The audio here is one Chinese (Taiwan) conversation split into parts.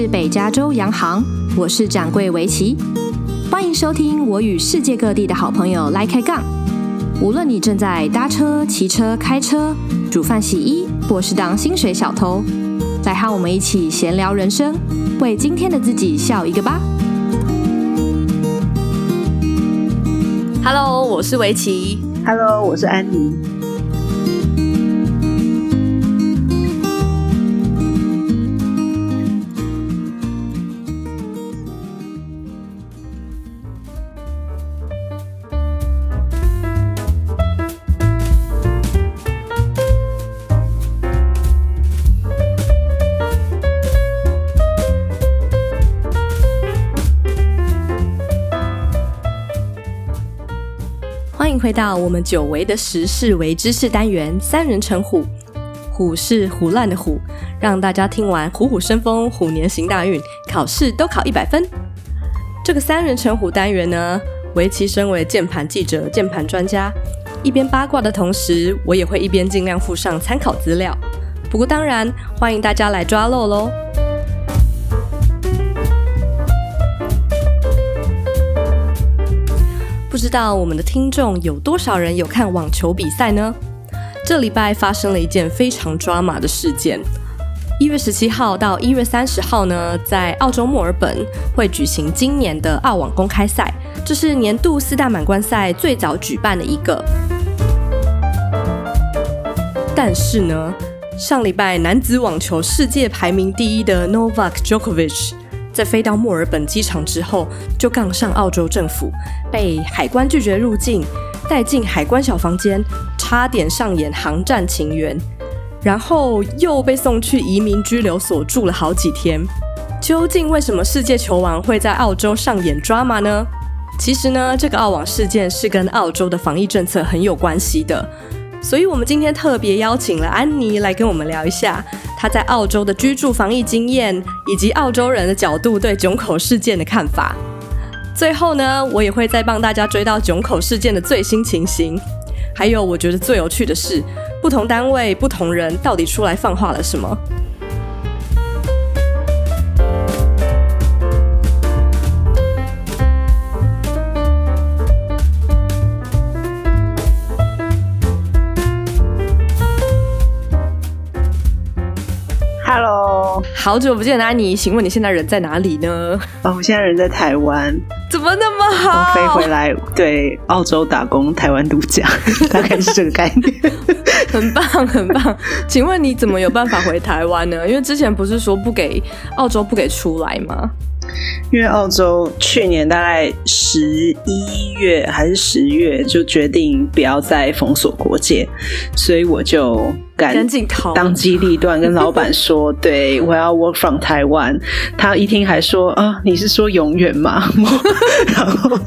是北加州洋行，我是掌櫃薇琪。歡迎收聽我與世界各地的好朋友來開槓。無論你正在搭車、騎車、開車、煮飯、洗衣，或是當薪水小偷，來和我們一起閒聊人生，為今天的自己笑一個吧。Hello，我是薇琪，Hello，我是安妮。到我們久違的時事微知識單元，三人成唬，虎是唬爛的虎，讓大家聽完虎虎生風，虎年行大運，考試都考一百分。這個三人成唬單元呢，薇琪身為鍵盤記者、鍵盤專家，一邊八卦的同時，我也會一邊盡量附上參考資料。不過當然，歡迎大家來抓漏嘍。不知道我們的聽眾有多少人有看網球比賽呢？這禮拜發生了一件非常抓馬的事件。一月十七號到一月三十號呢，在澳洲墨爾本會舉行今年的澳網公開賽，這是年度四大滿貫賽最早舉辦的一個。但是呢，上禮拜男子網球世界排名第一的 Novak Djokovic。在飛到墨爾本機場之後，就槓上澳洲政府，被海關拒絕入境，帶進海關小房間，差點上演航站情緣，然後又被送去移民拘留所住了好幾天。究竟為什麼世界球王會在澳洲上演 drama 呢？其實呢，這個澳網事件是跟澳洲的防疫政策很有關係的。所以，我們今天特別邀請了安妮來跟我們聊一下她在澳洲的居住防疫經驗，以及澳洲人的角度對囧口事件的看法。最後呢，我也會再幫大家追到囧口事件的最新情形，還有我覺得最有趣的是，不同單位、不同人到底出來放話了什麼。好久不見，安妮。請問你現在人在哪裡呢？啊、哦，我現在人在台灣，怎麼那麼好？我飛回來對澳洲打工，台灣度假，大概是這個概念。 很棒，很棒。請問你怎麼有辦法回台灣呢？因為之前不是說不給澳洲不給出來嗎？因為澳洲去年大概十一月還是十月就決定不要再封鎖國界，所以我就趕緊當機立斷跟老闆說：“對，我要 work from 台灣。”他一聽還說：“啊，你是說永遠嗎？” 然後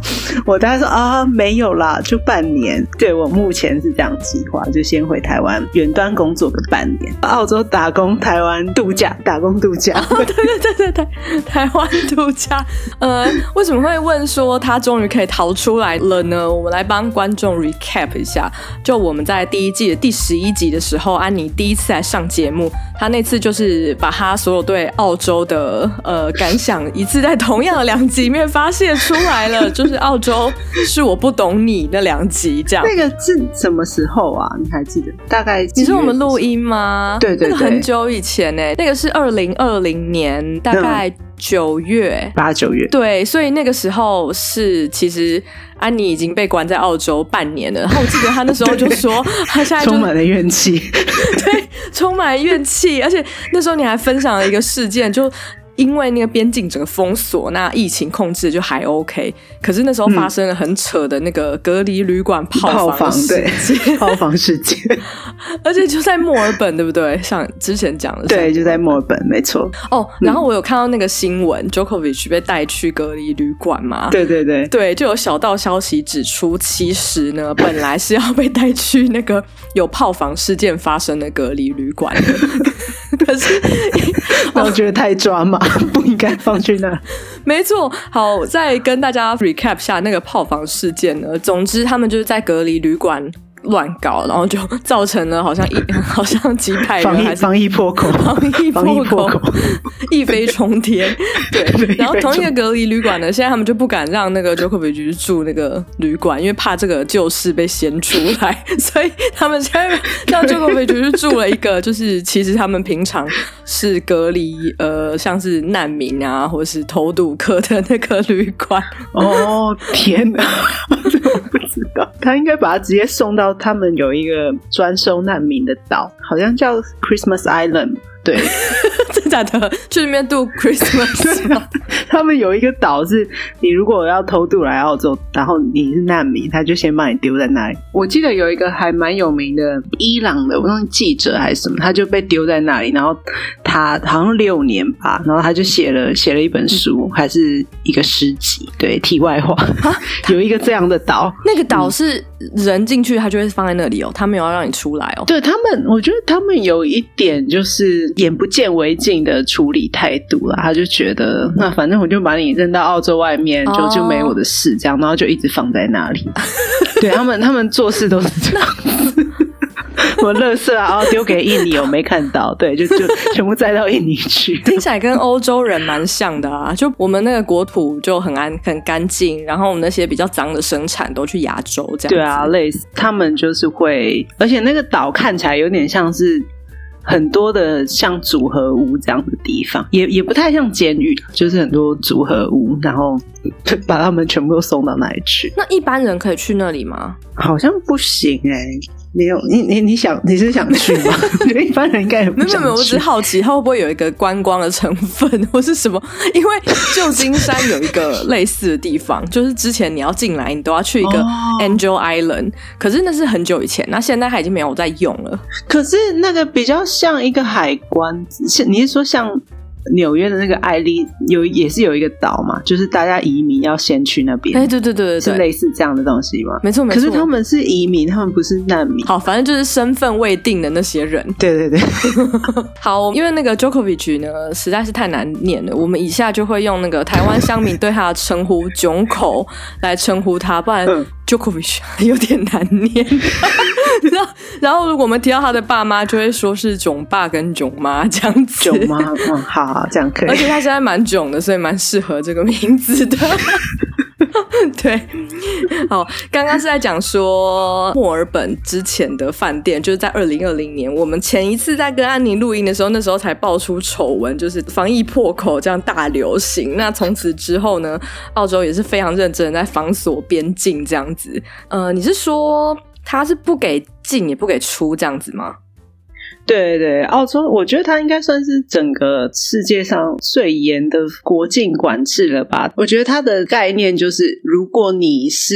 我大概說：“啊，沒有啦，就半年。對”對，我目前是這樣計劃，就先回台灣遠端工作個半年，澳洲打工，台灣度假，打工度假、 哦。對對對對台，台，台灣。度假，呃、嗯，為什麼會問說他終於可以逃出來了呢？我們來幫觀眾 recap 一下。就我們在第一季的第十一集的時候，安妮第一次來上節目，她那次就是把她所有對澳洲的呃感想，一次在同樣的兩集裡面發泄出來了。 就是澳洲是我不懂你那兩集這樣。那個是什麼時候啊？你還記得？大概你是我們錄音嗎？對對對，那個、很久以前呢、欸，那個是二零二零年，大概、嗯。九月，八九月，對，所以那個時候是其實安妮已經被關在澳洲半年了，然後我記得她那時候就說她 現在充滿了怨氣， 對，充滿了怨氣，而且那時候你還分享了一個事件就。因為那個邊境整個封鎖，那疫情控制就還 OK。可是那時候發生了很扯的那個隔離旅館泡房事件，嗯、泡房事件，對，泡房世界 而且就在墨爾本，對不對？像之前講的，對，就在墨爾本，沒錯。哦、oh, 嗯，然後我有看到那個新聞 Djokovic 被帶去隔離旅館嘛？對對對，對，就有小道消息指出，其實呢，本來是要被帶去那個有泡房事件發生的隔離旅館，的。可 但是我 然後 覺得太抓馬。 不應該放去那 ，沒錯。好，再跟大家 recap 下那個炮房事件呢。總之，他們就是在隔離旅館。亂搞，然後就造成了好像一好像幾派人還是防疫破口，防疫破口一飛沖天對，對。然後同一個隔離旅館呢，館呢現在他們就不敢讓那個 Djokovic 去住那個旅館，因為怕這個舊事被掀出來，所以他們現在讓 Djokovic 去住了一個、就是，就是其實他們平常是隔離呃，像是難民啊，或者是偷渡客的那個旅館。哦，天吶。 不知道，他應該把他直接送到他們有一個專收難民的島，好像叫 Christmas Island。對，真 假的？去那邊度 Christmas， 他們有一個島，是你如果要偷渡來澳洲，然後你是難民，他就先把你丟在那裡。我記得有一個還蠻有名的伊朗的，我忘記記者還是什麼，他就被丟在那裡，然後他好像六年吧，然後他就寫了寫了一本書，嗯、還是一個詩集。對，題外話， 有一個這樣的島，那個島是人進去，他就會放在那裡哦、喔，他沒有要讓你出來哦、喔。對，他們，我覺得他們有一點就是。眼不見為淨的處理態度了，他就覺得那反正我就把你扔到澳洲外面，就就沒我的事，這樣，然後就一直放在那裡啊。Oh. 對他們，他們做事都是這樣子。 那 我樂色啊，丟給印尼， 我沒看到。對，就就全部載到印尼去。 聽起來跟歐洲人蠻像的啊，就我們那個國土就很安很乾淨，然後我們那些比較髒的生產都去亞洲，這樣。對啊，類似他們就是會，而且那個島看起來有點像是。很多的像組合屋這樣的地方，也也不太像監獄，就是很多組合屋，然後把他們全部都送到那裡去。那一般人可以去那裡嗎？好像不行哎、欸。沒有，你你你，你想你是，是想去嗎？ 一般人應該也不想去 沒有沒有，我只是好奇它會不會有一個觀光的成分，或是什麼？因為舊金山有一個類似的地方， 就是之前你要進來，你都要去一個 Angel Island、哦，可是那是很久以前，那現在它已經沒有再用了。可是那個比較像一個海關，你是說像？紐約的那個艾麗有也是有一個島嘛，就是大家移民要先去那邊。哎、欸，對對對對，是類似這樣的東西嗎？沒錯沒錯。可是他們是移民，他們不是難民。好，反正就是身份未定的那些人。對對對。 好，因為那個 Djokovic 呢實在是太難念了，我們以下就會用那個台灣鄉民對他的稱呼“囧口”來稱呼他，不然、嗯。就有點難念， 然後，然後，如果我們提到他的爸媽，就會說是囧爸跟囧媽這樣子。囧媽，嗯，好，好，這樣可以。而且他現在蠻囧的，所以蠻適合這個名字的。 對，好，剛剛是在講說墨爾本之前的飯店，就是在二零二零年，我們前一次在跟安妮錄音的時候，那時候才爆出醜聞，就是防疫破口這樣大流行。那從此之後呢，澳洲也是非常認真的在封鎖邊境這樣子。呃，你是說他是不給進也不給出這樣子嗎？對對，澳洲，我覺得它應該算是整個世界上最嚴的國境管制了吧？我覺得它的概念就是，如果你是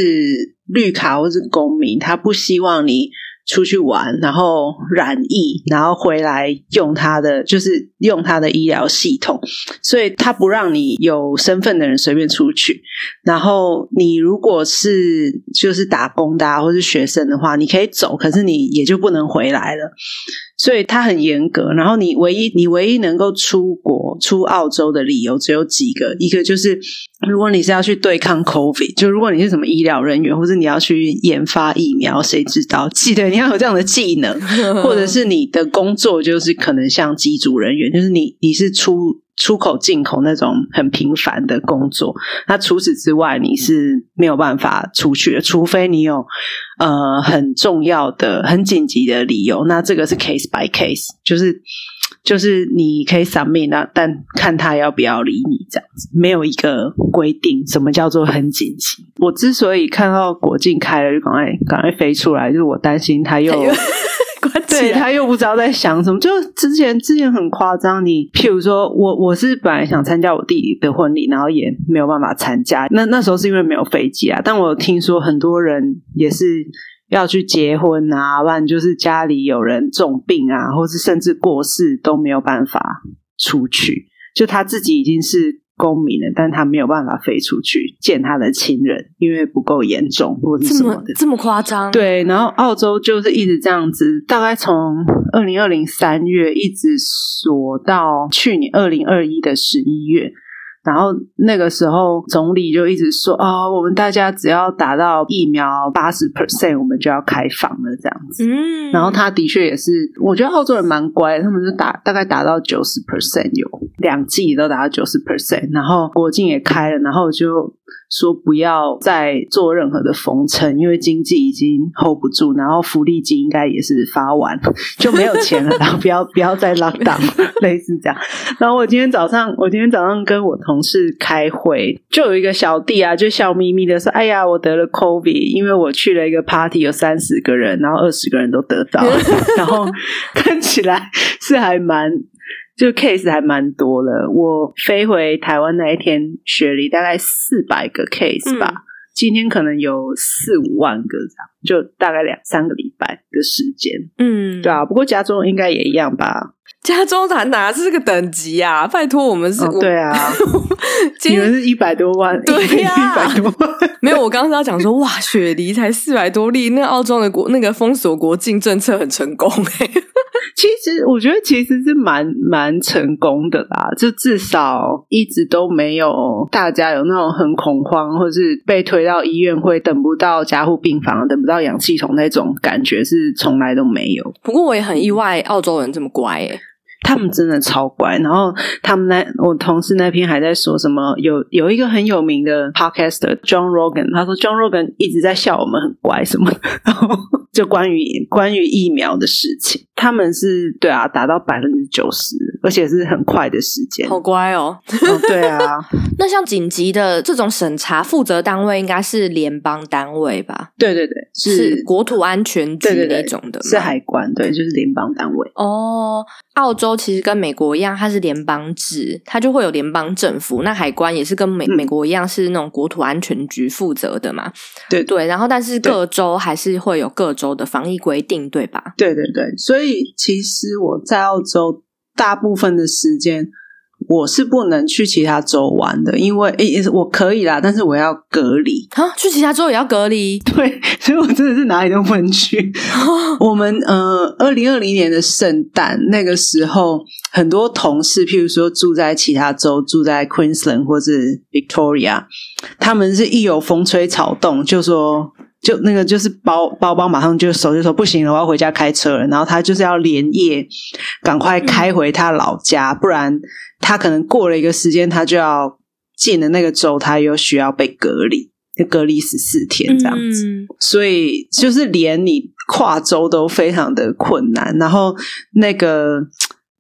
綠卡或是公民，他不希望你出去玩，然後染疫，然後回來用他的，就是用他的醫療系統，所以他不讓你有身份的人隨便出去。然後你如果是就是打工的啊，或是學生的話，你可以走，可是你也就不能回來了。所以它很嚴格，然後你唯一你唯一能夠出國出澳洲的理由只有幾個，一個就是如果你是要去對抗 COVID，就如果你是什麼醫療人員，或是你要去研發疫苗，誰知道？記得你要有這樣的技能，或者是你的工作就是可能像機組人員，就是你你是出。出口進口那種很頻繁的工作，那除此之外你是沒有辦法出去的，除非你有呃很重要的、很緊急的理由。那這個是 case by case，就是就是你可以 submit，那、啊、但看他要不要理你這樣子，沒有一個規定什麼叫做很緊急。我之所以看到國境開了就趕快趕快飛出來，就是我擔心他又。 對，他又不知道在想什麼。就之前之前很誇張，你譬如說我我是本來想參加我弟弟的婚禮，然後也沒有辦法參加。那那時候是因為沒有飛機啊。但我聽說很多人也是要去結婚啊，不然就是家裡有人重病啊，或是甚至過世都沒有辦法出去。就他自己已經是。公民的，但他沒有辦法飛出去見他的親人，因為不夠嚴重或者什麼的，這麼，這麼誇張？對，然後澳洲就是一直這樣子，大概從二零二零三月一直鎖到去年二零二一的十一月。然後那個時候，總理就一直說：“啊、哦，我們大家只要達到疫苗八十 percent，我們就要開放了，這樣子。”嗯，然後他的確也是，我覺得澳洲人蠻乖，他們就打大概打到九十 percent，有兩劑都打到九十 percent，然後國境也開了，然後就。說不要再做任何的封城，因為經濟已經 hold 不住，然後福利金應該也是發完，就沒有錢了，然後不要不要再 lock down，類似這樣。然後我今天早上，我今天早上跟我同事開會，就有一個小弟啊，就笑眯眯的說：“哎呀，我得了 COVID，因為我去了一個 party，有三十個人，然後二十個人都得到了。」然後看起來是還蠻。”這個 case 還蠻多的。我飛回台灣那一天，雪梨大概四百個 case 吧，嗯。今天可能有四五萬個這樣，就大概兩三個禮拜的時間。嗯，對啊，不過加州應該也一樣吧。加州才哪是個等級啊！拜託，我們是……哦、對啊，你們是一百多萬，對啊，一百多萬。沒有，我剛剛要講說，哇，雪梨才四百多例，那澳洲的國那個封鎖國境政策很成功欸。其實我覺得其實是蠻蠻成功的啦，就至少一直都沒有大家有那種很恐慌，或是被推到醫院會等不到加護病房、等不到氧氣筒那種感覺是從來都沒有。不過我也很意外，澳洲人這麼乖誒他們真的超乖，然後他們那我同事那篇還在說什麼，有有一個很有名的 podcaster John Rogan，他說 John Rogan 一直在笑我們很乖什麼的，然後就關於關於疫苗的事情，他們是對啊，達到百分之九十。而且是很快的時間，好乖哦， 哦。對啊，那像緊急的這種審查，負責單位應該是聯邦單位吧？對對對，是，是國土安全局那一種的？對對對，是海關，對，就是聯邦單位。哦，澳洲其實跟美國一樣，它是聯邦制，它就會有聯邦政府。那海關也是跟美、嗯、美國一樣，是那種國土安全局負責的嘛？對對，然後但是各州還是會有各州的防疫規定，對吧？對對對，所以其實我在澳洲。大部分的時間我是不能去其他州玩的，因為誒、欸，我可以啦，但是我要隔離啊，去其他州也要隔離。對，所以我真的是哪裡都不能去。我們呃，二零二零年的聖誕那個時候，很多同事，譬如說住在其他州，住在 Queensland 或是 Victoria，他們是一有風吹草動就說。就那個就是包包包，馬上就收就說不行了，我要回家開車了。然後他就是要連夜趕快開回他老家，不然他可能過了一個時間，他就要進了那個州，他又需要被隔離，隔離十四天這樣子。所以就是連你跨州都非常的困難。然後那個。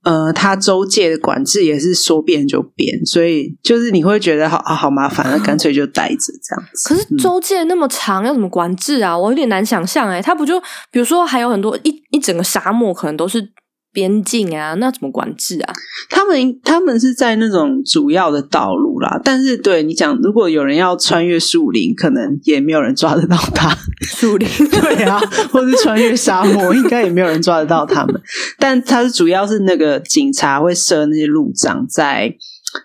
呃，它州界的管制也是說變就變，所以就是你會覺得好、啊、好麻煩，那、啊、乾脆就待着這樣子。可是州界那麼長，要怎麼管制啊？我有點難想象哎、欸，它不就比如說還有很多一一整個沙漠，可能都是。邊境啊，那怎麼管制啊？他們他們是在那種主要的道路啦，但是對你講，如果有人要穿越樹林，可能也沒有人抓得到他。樹林 對啊， 或是穿越沙漠，應該也沒有人抓得到他們。 但他是主要是那個警察會設那些路障在。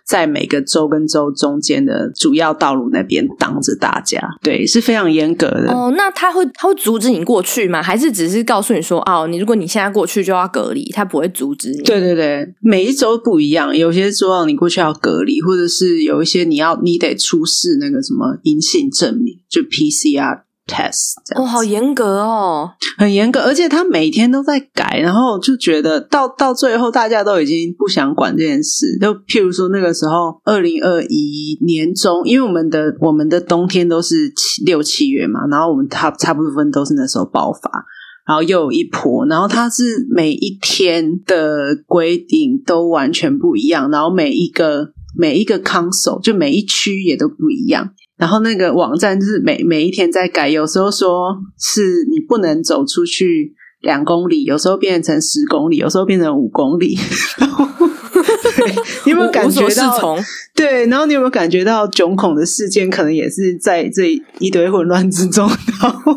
在每個州跟州中間的主要道路那邊擋着大家，對，是非常嚴格的。哦，那他會他會阻止你過去嗎？還是只是告訴你說，哦，你如果你現在過去就要隔離，他不會阻止你。對對對，每一州不一樣，有些州你過去要隔離，或者是有一些你要你得出示那個什麼陰性證明，就 PCR。Test、哦，好嚴格哦，很嚴格，而且他每天都在改，然後就覺得到到最後大家都已經不想管這件事。就譬如說那個時候，二零二一年中，因為我們的我們的冬天都是七六七月嘛，然後我們差差不多分都是那時候爆發，然後又有一波，然後它是每一天的規定都完全不一樣，然後每一個每一個 council 就每一區也都不一樣。然後那個網站就是每每一天在改，有時候說是你不能走出去兩公里，有時候變成十公里，有時候變成五公里。然後，對，你有沒有感覺到？對，然後你有沒有感覺到囧口的事件可能也是在這一堆混亂之中，然後，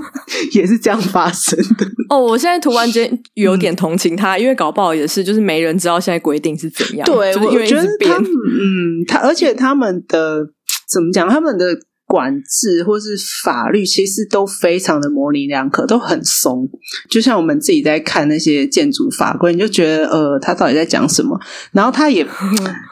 也是這樣發生的。哦，我現在突然間有點同情他，嗯、因為搞不好也是就是沒人知道現在規定是怎樣。對，就是、我覺得他們，嗯，他而且他們的怎麼講，他們的。管制或是法律其實都非常的模稜兩可，都很鬆。就像我們自己在看那些建築法規，你就覺得呃，他到底在講什麼？然後他也，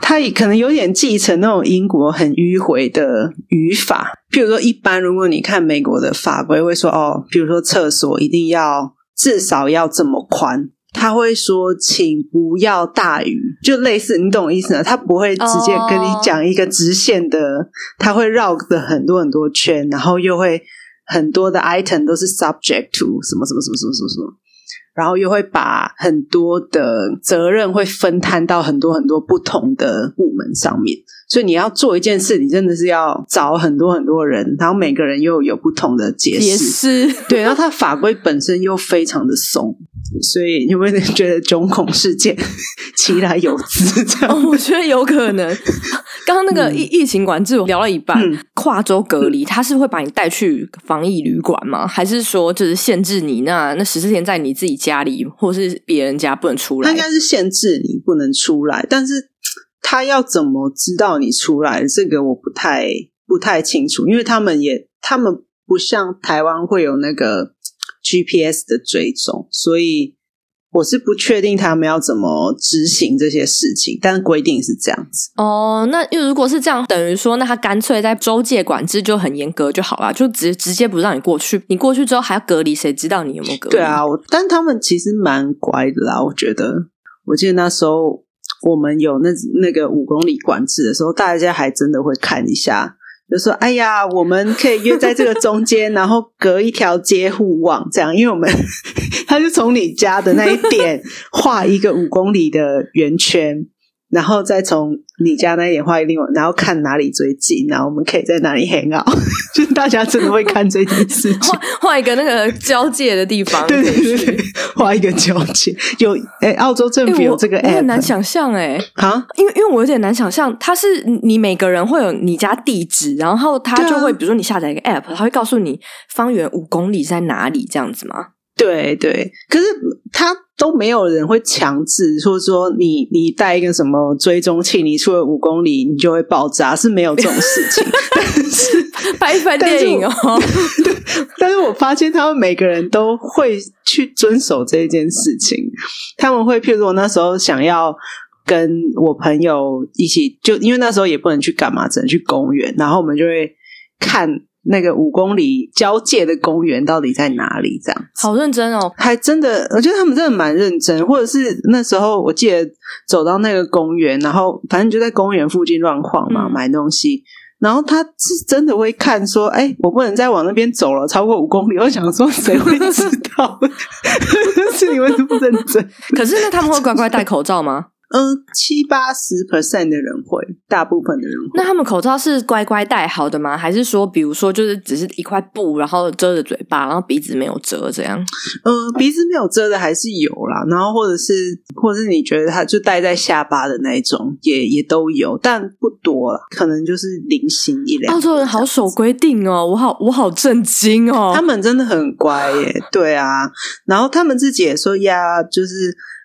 他也可能有點繼承那種英國很迂回的語法。譬如說，一般如果你看美國的法規，會說哦，比如說廁所一定要至少要這麼寬。他會說：“請不要大雨。”就類似，你懂意思嗎？他不會直接跟你講一個直線的，oh. 他會繞着很多很多圈，然後又會很多的 item 都是 subject to 什麼什麼什麼什麼什麼，什麼。然後又會把很多的責任會分攤到很多很多不同的部門上面，所以你要做一件事，你真的是要找很多很多人，然後每個人又有不同的解釋。也是對， 然後他法規本身又非常的鬆，所以有沒有覺得“囧口事件”“其來有之”這樣、哦？我覺得有可能。剛剛那個疫疫情管制我聊了一半、嗯，跨州隔離，他、嗯、是會把你帶去防疫旅館嗎？還是說就是限制你那？那那十四天在你自己？家裡或是別人家不能出來，他應該是限制你不能出來，但是他要怎麼知道你出來？這個我不太不太清楚，因為他們也他們不像台灣會有那個 GPS 的追蹤，所以。我是不確定他們要怎麼執行這些事情，但規定是這樣子。哦，那又如果是這樣，等於說，那他乾脆在州界管制就很嚴格就好了，就直直接不讓你過去，你過去之後還要隔離，誰知道你有沒有隔離？對啊，我，但他們其實蠻乖的啦，我覺得。我記得那時候我們有那那個五公里管制的時候，大家還真的會看一下。就說：“哎呀，我們可以約在這個中間， 然後隔一條街互望這樣，因為我們呵呵他就從你家的那一點畫一個五公里的圓圈。”然後再從你家那點畫一地方，然後看哪裡最近，然後我們可以在哪裡 hang out 就是大家真的會看這件事情，近 畫一個那個交界的地方。對對對，畫一個交界有誒、欸，澳洲政府、欸、有這個 app，我很難想象哎、欸、啊！因為因為我有點難想象，它是你每個人會有你家地址，然後它就會、啊、比如說你下載一個 app，它會告訴你方圓五公里在哪裡這樣子嗎？對對，可是它。都沒有人會強制，或者說你，你帶一個什麼追蹤器，你出了五公里你就會爆炸，是沒有這種事情。但是 拍一拍電影哦。但是我，但是我發現他們每個人都會去遵守這一件事情。他們會，譬如說我那時候想要跟我朋友一起，就因為那時候也不能去幹嘛，只能去公園，然後我們就會看。那個五公里交界的公園到底在哪裡？這樣好認真哦，還真的，我覺得他們真的蠻認真。或者是那時候，我記得走到那個公園，然後反正就在公園附近亂晃嘛、嗯，買東西。然後他是真的會看說，哎，我不能再往那邊走了，超過五公里。我想說，誰會知道？ 是你為不認真？可是那他們會乖乖戴口罩嗎？ 嗯、呃，七八十 percent 的人會，大部分的人會。那他們口罩是乖乖戴好的嗎？還是說，比如說，就是只是一塊布，然後遮着嘴巴，然後鼻子沒有遮，這樣？嗯、呃，鼻子沒有遮的還是有啦。然後，或者是，或者是你覺得他就戴在下巴的那一種，也也都有，但不多了，可能就是零星一兩。澳洲人好守規定哦，我好，我好震驚哦，他們真的很乖耶。對啊，然後他們自己也說呀，就是。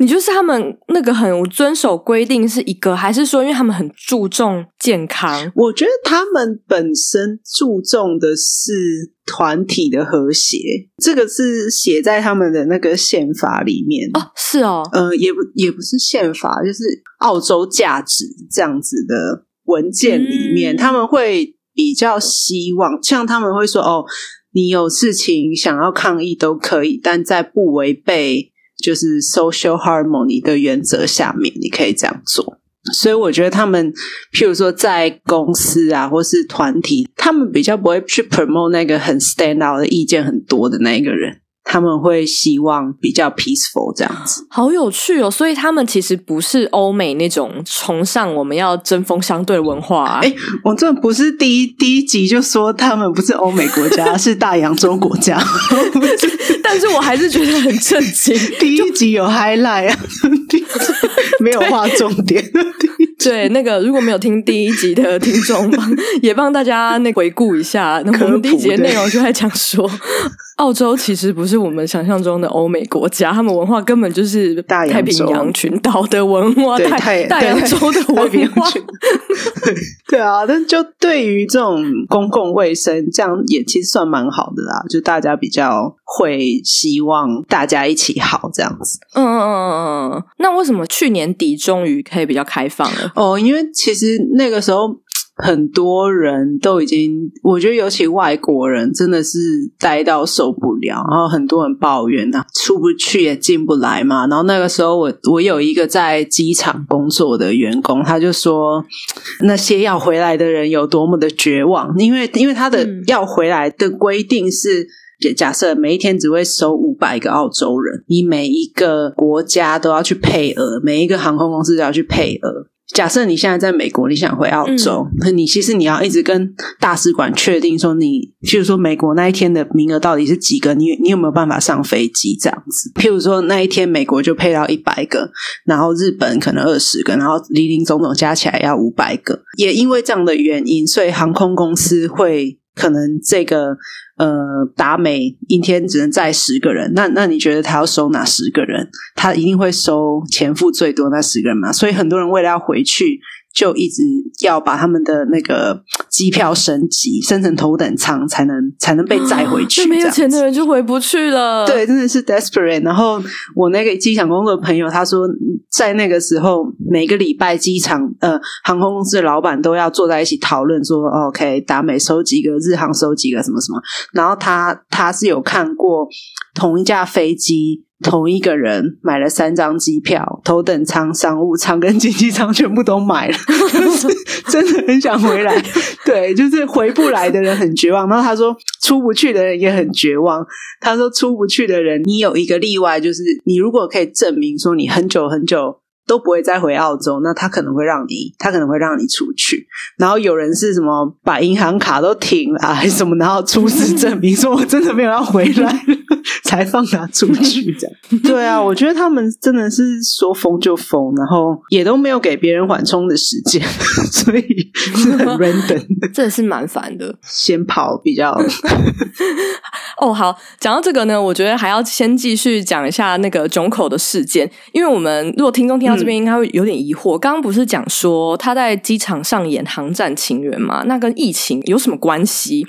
你就是他們那個很遵守規定是一個，還是說因為他們很注重健康？我覺得他們本身注重的是團體的和諧，這個是寫在他們的那個憲法裡面哦。是哦，呃，也不也不是憲法，就是澳洲價值這樣子的文件裡面，嗯，他們會比較希望，像他們會說哦，你有事情想要抗議都可以，但在不違背。就是 social harmony 的原則下面，你可以這樣做。所以我覺得他們，譬如說在公司啊，或是團體，他們比較不會去 promote 那個很 stand out 的意見很多的那一個人，他們會希望比較 peaceful 這樣子。好有趣哦！所以他們其實不是歐美那種崇尚我們要針鋒相對的文化啊。哎、欸，我這不是第一第一集就說他們不是歐美國家， 是大洋洲國家。 但是我還是覺得很震驚。第一集有 highlight，啊， 對 沒有畫重點第一集。對，那個如果沒有聽第一集的聽眾，幫 也幫大家那回顧一下，那我們第一集的內容就在講說。 澳洲其實不是我們想象中的歐美國家，他們文化根本就是太平洋群島的文化，對對，太平，對太平洋洲的文化。 對啊，但就對於這種公共衛生，這樣也其實算蠻好的啦，就大家比較會希望大家一起好這樣子。嗯嗯嗯嗯嗯。那為什麼去年底終於可以比較開放了？哦，oh，因為其實那個時候。很多人都已經，我覺得尤其外國人真的是呆到受不了，然後很多人抱怨啊，出不去也進不來嘛。然後那個時候我，我我有一個在機場工作的員工，他就說那些要回來的人有多麼的絕望，因為因為他的、嗯、要回來的規定是，假設每一天只會收五百個澳洲人，你每一個國家都要去配額，每一個航空公司都要去配額。假設你現在在美國，你想回澳洲，那、嗯、你其實你要一直跟大使館確定說你，你譬如說美國那一天的名額到底是幾個，你你有沒有辦法上飛機這樣子？譬如說那一天美國就配到一百個，然後日本可能二十個，然後林林總總加起來要五百個，也因為這樣的原因，所以航空公司會。可能這個呃達美一天只能載十個人，那那你覺得他要收哪十個人？他一定會收錢，付最多那十個人嘛？所以很多人為了要回去。就一直要把他們的那個機票升級，升成頭等艙才能才能被載回去。那沒有錢的人就回不去了。對，真的是 desperate。然後我那個機場工作的朋友他說，在那個時候，每個禮拜機場呃航空公司的老闆都要坐在一起討論說，OK，達美收幾個，日航收幾個，什麼什麼。然後他他是有看過同一架飛機。同一個人買了三張機票，頭等艙、商務艙跟經濟艙全部都買了，是真的很想回來。對，就是回不來的人很絕望。然後他說，出不去的人也很絕望。他說，出不去的人，你有一個例外，就是你如果可以證明說你很久很久都不會再回澳洲，那他可能會讓你，他可能會讓你出去。然後有人是什麼，把銀行卡都停了，還是什麼？然後出示證明，說我真的沒有要回來 才放他出去這樣。對啊！我覺得他們真的是說封就封，然後也都沒有給別人緩衝的時間， 所以是很 random，這也是蠻煩的。先跑比較 哦，好，講到這個呢，我覺得還要先繼續講一下那個囧口的事件，因為我們如果聽眾聽到這邊、嗯，應該會有點疑惑。剛剛不是講說他在機場上演《航站情緣》嗎？那跟疫情有什麼關係？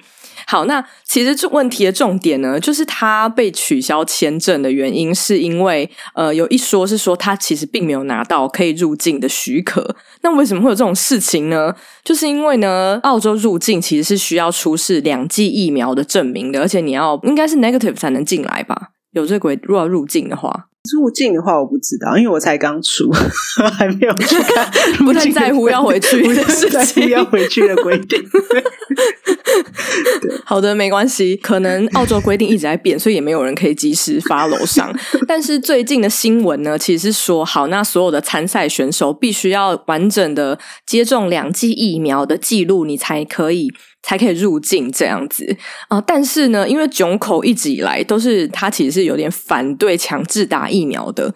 好，那其實這問題的重點呢，就是他被取消簽證的原因，是因為呃，有一說是說他其實並沒有拿到可以入境的許可。那為什麼會有這種事情呢？就是因為呢，澳洲入境其實是需要出示兩劑疫苗的證明的，而且你要應該是 negative 才能進來吧？有這鬼，如果要入境的話。入境的話我不知道，因為我才剛出，還沒有去看， 不太在乎要回去的事情， 不太在乎要回去的規定 對。好的，沒關係，可能澳洲規定一直在變，所以也沒有人可以及時 follow 上。 但是最近的新聞呢，其實說好，那所有的參賽選手必須要完整的接種兩劑疫苗的記錄，你才可以。才可以入境這樣子啊，呃，但是呢，因為囧口一直以來都是他其實是有點反對強制打疫苗的。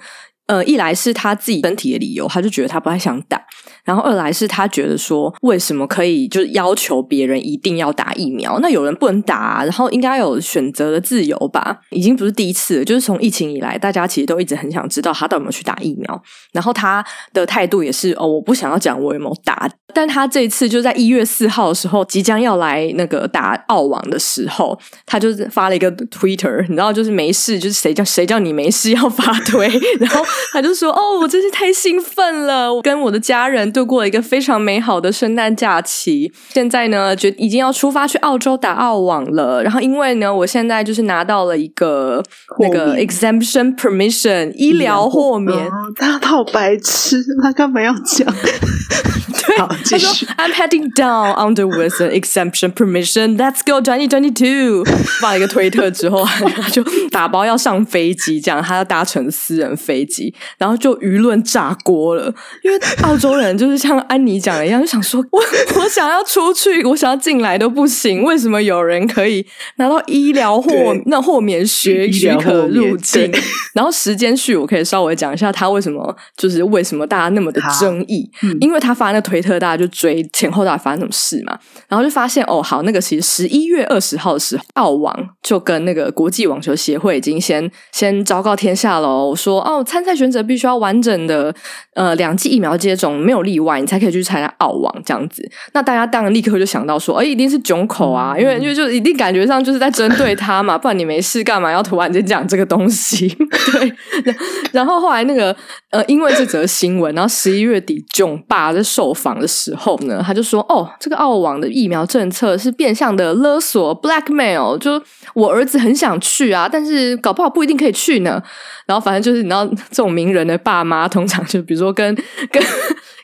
呃，一來是他自己身體的理由，他就覺得他不太想打。然後二來是他覺得說，為什麼可以就是要求別人一定要打疫苗？那有人不能打啊，然後應該有選擇的自由吧？已經不是第一次了，就是從疫情以來，大家其實都一直很想知道他到底有沒有去打疫苗。然後他的態度也是哦，我不想要講我有沒有打。但他這一次就在一月四號的時候，即將要來那個打澳網的時候，他就是發了一個 Twitter，你知道，就是沒事，就是誰叫誰叫你沒事要發推？然後他就說：“哦，我真是太興奮了，我跟我的家人。”人度過了一個非常美好的聖誕假期，現在呢，就已經要出發去澳洲打澳網了。然後，因為呢，我現在就是拿到了一個那個 exemption permission 醫療豁免。他、哦、好白痴，他幹嘛要講？ 對。他說 I'm heading down under with an exemption permission. Let's go, 2022. 發了一個推特之後， 他就打包要上飛機，這樣他要搭乘私人飛機，然後就輿論炸鍋了，因為澳洲人。就是像安妮講的一樣，就想說，我我想要出去，我想要進來都不行，為什麼有人可以拿到醫療豁那豁免學許可入境？然後，時間序我可以稍微講一下，他為什麼就是為什麼大家那麼的爭議？嗯，因為他發那推特，大家就追前後，大家發生什麼事嘛？然後就發現哦，好，那個其實十一月二十號的時候，澳網就跟那個國際網球協會已經先先昭告天下了，說哦，參賽選手必須要完整的呃兩劑疫苗接種沒有。有例外，你才可以去參加澳網這樣子。那大家當然立刻就想到說，哎、欸，一定是囧口啊，因、嗯、為因為就一定感覺上就是在針對他嘛，不然你沒事幹嘛要突然間講這個東西？ 對。然後後來那個呃，因為這則新聞，然後十一月底囧爸在受訪的時候呢，他就說：“哦，這個澳網的疫苗政策是變相的勒索 （blackmail）。就我兒子很想去啊，但是搞不好不一定可以去呢。然後反正就是，你知道這種名人的爸媽通常就比如說跟跟。”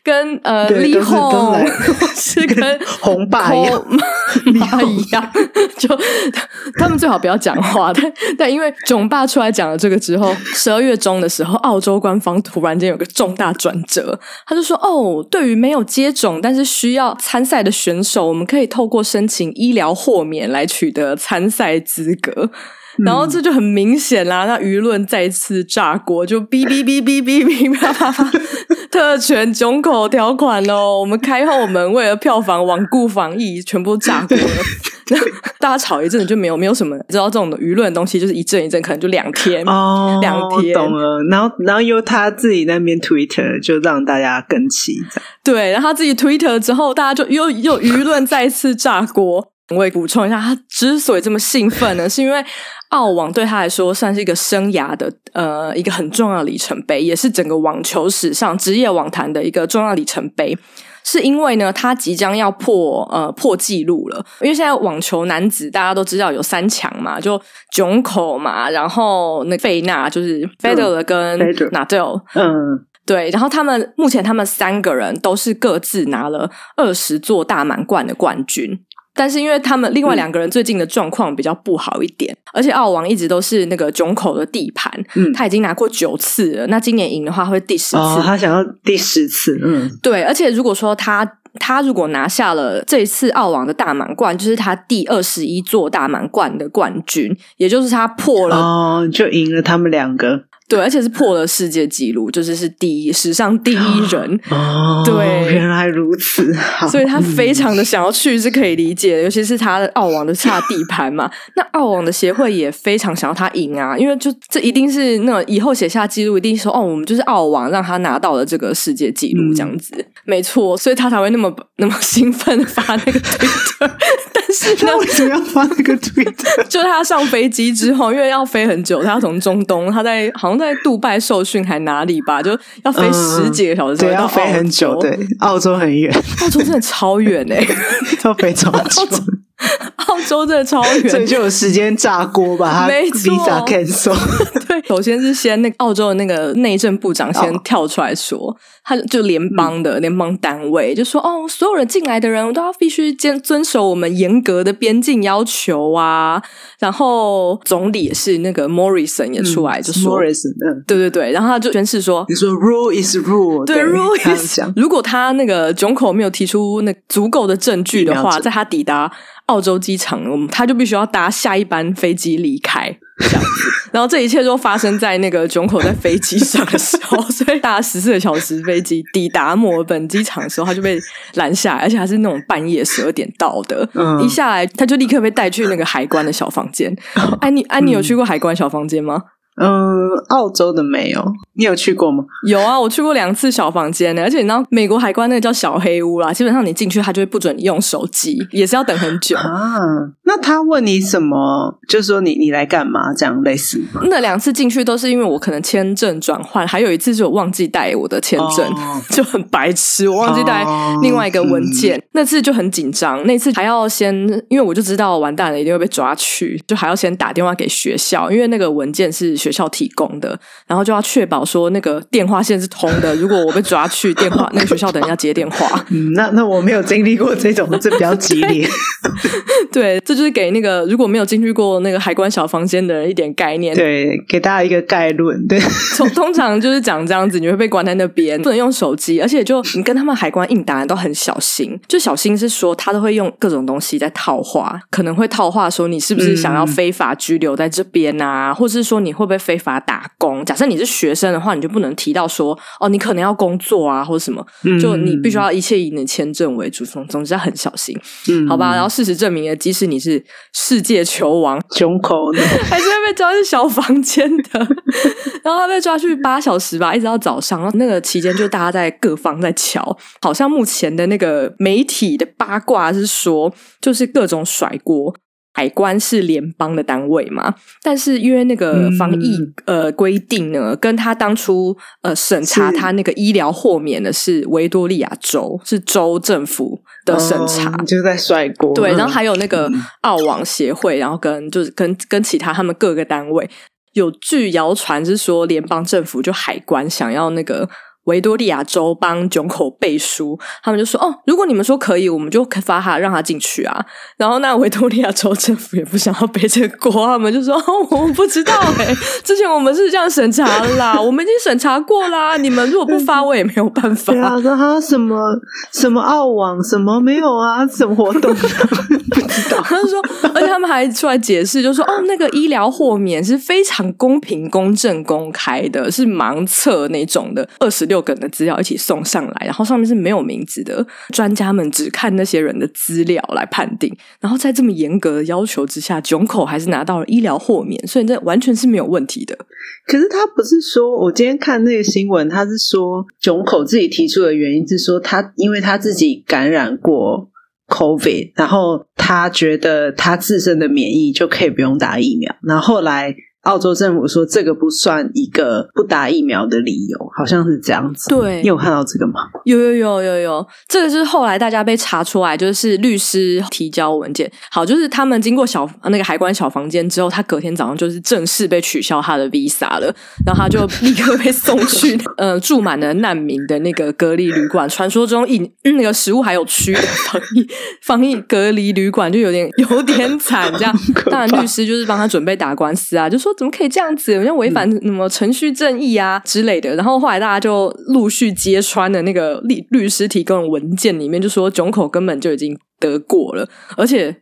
跟呃，立紅是， 是跟，跟紅爸一樣，一樣， 就他們最好不要講話 但但因為囧爸出來講了這個之後，十二月中的時候，澳洲官方突然間有個重大轉折，他就說：哦，對於沒有接種但是需要參賽的選手，我們可以透過申請醫療豁免來取得參賽資格。然後這就很明顯啦、嗯，那輿論再次炸鍋，就嗶嗶嗶嗶嗶嗶， 特權囧口條款嘍！ 我們開後門，為了票房罔顧防疫，全部炸鍋了。 對 大家吵一陣子就沒有沒有什麼，你知道這種輿論的東西就是一陣一陣，可能就兩天哦，oh, 兩天懂了。然後然後又他自己那邊 Twitter 就讓大家更氣，對，然後他自己 Twitter 之後，大家就又又輿論再次炸鍋。我也補充一下，他之所以這麼興奮呢， 是因為澳網對他來說算是一個生涯的呃一個很重要的里程碑，也是整個網球史上職業網壇的一個重要的里程碑。是因為呢，他即將要破呃破紀錄了。因為現在網球男子大家都知道有三強嘛，就囧口嘛，然後那費納就是費德勒跟納豆，嗯，對。然後他們目前他們三個人都是各自拿了二十座大滿貫的冠軍。但是因為他們另外兩個人最近的狀況比較不好一點，嗯，而且澳網一直都是那個囧口的地盤，嗯，他已經拿過九次了，那今年贏的話會第十次，哦，他想要第十次，嗯，對，而且如果說他他如果拿下了這一次澳網的大滿貫，就是他第二十一座大滿貫的冠軍，也就是他破了，哦，就贏了他們兩個。對，而且是破了世界紀錄，就是是第一史上第一人哦。對，原來如此，好，所以他非常的想要去是可以理解的，尤其是他澳網的下地盤嘛。 那澳網的協會也非常想要他贏啊，因為就這一定是那種以後寫下記錄，一定說哦，我們就是澳網讓他拿到了這個世界紀錄這樣子，嗯，沒錯，所以他才會那麼那麼興奮的發那個推特。 但是他為什麼要發那個推特？ 就他上飛機之後，因為要飛很久，他要從中東，他在好像。在杜拜受訓還哪裡吧，就要飛十幾個小時、嗯，對，要飛很久，對，澳洲很遠，澳洲真的超遠誒、欸，要 飛超久。澳洲這超遠，這就有時間炸鍋吧？沒錯，Visa cancel，對。首先是先那個澳洲的那個內政部長先跳出來說，oh. 他就聯邦的，嗯，聯邦單位就說：“哦，所有人進來的人，我都要必須遵守我們嚴格的邊境要求啊。”然後總理也是那個 Morrison 也出來就說：“ Morrison 的，對對對。”然後他就宣誓說：“你說 rule is rule，對 rule is，如果他那個囧口沒有提出那足夠的證據的話，在他抵達。”澳洲機場，我們他就必須要搭下一班飛機離開這樣子。 然後這一切都發生在那個囧口在飛機上的時候， 所以搭十四個小時飛機抵達墨爾本機場的時候，他就被攔下來，而且還是那種半夜十二點到的。嗯。一下來他就立刻被帶去那個海關的小房間。哎、嗯啊，你哎、啊，你有去過海關小房間嗎？嗯，澳洲的沒有，你有去過嗎？有啊，我去過兩次小房間呢，而且你知道美國海關那個叫小黑屋啦，基本上你進去，他就會不准你用手機，也是要等很久啊。那他問你什麼？就是說你你來幹嘛？這樣類似。那兩次進去都是因為我可能簽證轉換，還有一次是我忘記帶我的簽證，哦、 就很白痴，我忘記帶另外一個文件，哦、那次就很緊張，嗯。那次還要先，因為我就知道完蛋了，一定會被抓去，就還要先打電話給學校，因為那個文件是。學校提供的，然後就要確保說那個電話線是通的。如果我被抓去，電話那個學校等一下接電話。 嗯，那那我沒有經歷過這種， 這比較激烈 。對，這就是給那個如果沒有進去過那個海關小房間的人一點概念。對，給大家一個概論。對，從通常就是講這樣子，你會被關在那邊，不能用手機，而且就你跟他們海關應答都很小心。就小心是說，他都會用各種東西在套話，可能會套話說你是不是想要非法拘留在這邊啊，嗯、或者是說你會不。被非法打工。假設你是學生的話，你就不能提到說哦，你可能要工作啊，或者什麼、嗯。就你必須要一切以你的簽證為主，總總之要很小心、嗯。好吧。然後事實證明了，即使你是世界球王，囧口還是會被抓去小房間的。 然後他被抓去八小時吧，一直到早上。那個期間，就大家在各方在喬。好像目前的那個媒體的八卦是說，就是各種甩鍋。海關是聯邦的單位嘛，但是因為那個防疫、嗯、呃規定呢，跟他當初呃審查他那個醫療豁免的是維多利亞州是，是州政府的審查，哦、就是在甩鍋。對，然後還有那個澳網協會、嗯，然後跟就是跟跟其他他們各個單位，有據謠傳是說聯邦政府就海關想要那個。維多利亞州幫囧口背書，他們就說：“哦，如果你們說可以，我們就發他讓他進去啊。”然後那維多利亞州政府也不想要背這個鍋，他們就說：“哦，我們不知道哎、欸， 之前我們是這樣審查啦， 我們已經審查過啦。你們如果不發，我也沒有辦法。”對啊，說他什麼什麼澳網什麼沒有啊，什麼活動 不知道。他就說，而且他們還出來解釋，就說：“哦，那個醫療豁免是非常公平、公正、公開的，是盲測那種的，二十，”六個人的資料一起送上來，然後上面是沒有名字的。專家們只看那些人的資料來判定，然後在這麼嚴格的要求之下，囧口還是拿到了醫療豁免，所以這完全是沒有問題的。可是他不是說，我今天看那個新聞，他是說囧口自己提出的原因是說他，他因為他自己感染過 COVID，然後他覺得他自身的免疫就可以不用打疫苗。然後後來。澳洲政府說這個不算一個不打疫苗的理由，好像是這樣子。對，你有看到這個嗎？有有有有有，這個就是後來大家被查出來，就是律師提交文件。好，就是他們經過小那個海關小房間之後，他隔天早上就是正式被取消他的 visa 了，然後他就立刻被送去 呃住滿了難民的那個隔離旅館，傳說中一，那個食物還有蛆，的防疫防疫隔離旅館，就有點有點慘這樣。當然，律師就是幫他準備打官司啊，就說。怎麼可以這樣子？人違反什麼程序正義啊之類的、嗯。然後後來大家就陸續揭穿了那個律律師提供的文件，裡面就說囧口根本就已經得過了，而且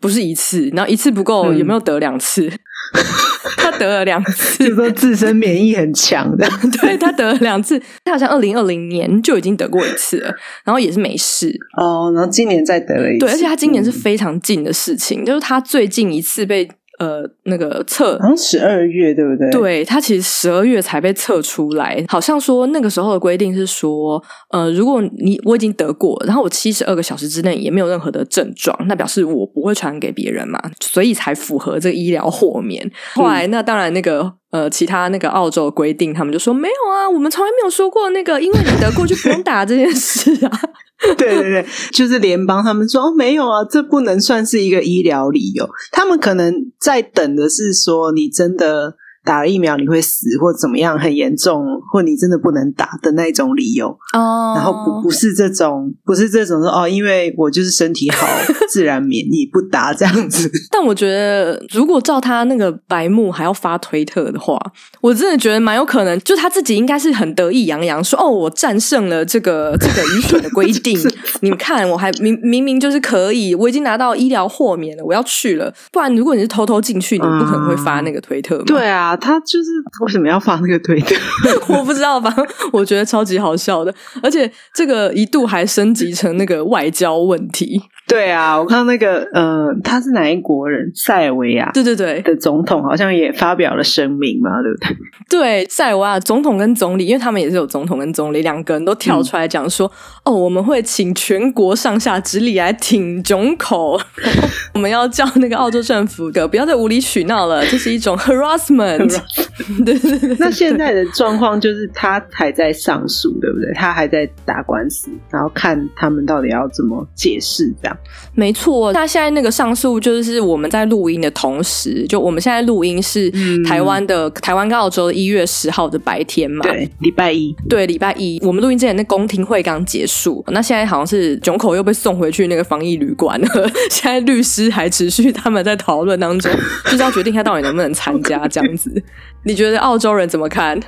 不是一次，然後一次不夠，有沒有得兩次？嗯、 他得了兩次，就說自身免疫很強的 對。對他得了兩次，他好像二零二零年就已經得過一次了，然後也是沒事哦。然後今年再得了一次對，而且他今年是非常近的事情，嗯、就是他最近一次被。呃，那個測好像十二月對不對？對，他其實十二月才被測出來，好像說那個時候的規定是說，呃，如果你我已經得過，然後我七十二個小時之內也沒有任何的症狀，那表示我不會傳給別人嘛，所以才符合這個醫療豁免。對、嗯，後來那當然那個。呃，其他那個澳洲的規定，他們就說沒有啊，我們從來沒有說過那個，因為你得過就不用打這件事啊。 對對對，就是聯邦，他們說，哦，沒有啊，這不能算是一個醫療理由。他們可能在等的是說你真的。打了疫苗你會死或怎麼樣很嚴重，或你真的不能打的那一種理由哦，oh. 然後不不是這種，不是這種說哦，因為我就是身體好，自然免疫 不打這樣子。但我覺得如果照他那個白目還要發推特的話，我真的覺得蠻有可能，就他自己應該是很得意洋洋說哦，我戰勝了這個這個愚蠢的規定， 你們看我還明明明就是可以，我已經拿到醫療豁免了，我要去了，不然如果你是偷偷進去，你不可能會發那個推特。嗯，對啊。他就是為什麼要發那個推特？ 我不知道吧？我覺得超級好笑的，而且這個一度還升級成那個外交問題。對啊，我看到那個呃，他是哪一國人？塞爾維亞，對對對，的總統好像也發表了聲明嘛，對不對？對，塞爾維亞總統跟總理，因為他們也是有總統跟總理，兩個人都跳出來講說：“嗯、哦，我們會請全國上下之力來挺囧口， 我們要叫那個澳洲政府的不要再無理取鬧了，這是一種 harassment。 ” 對對對，對，那現在的狀況就是他還在上訴，對不對？他還在打官司，然後看他們到底要怎麼解釋這樣。沒錯，那現在那個上訴就是我們在錄音的同時，就我們現在錄音是台灣的、嗯、台灣跟澳洲的一月十號的白天嘛，對，禮拜一，對，禮拜一，我們錄音之前那公聽會剛結束，那現在好像是囧口又被送回去那個防疫旅館了，現在律師還持續他們在討論當中，不知道決定他到底能不能參加這樣子。你覺得澳洲人怎麼看？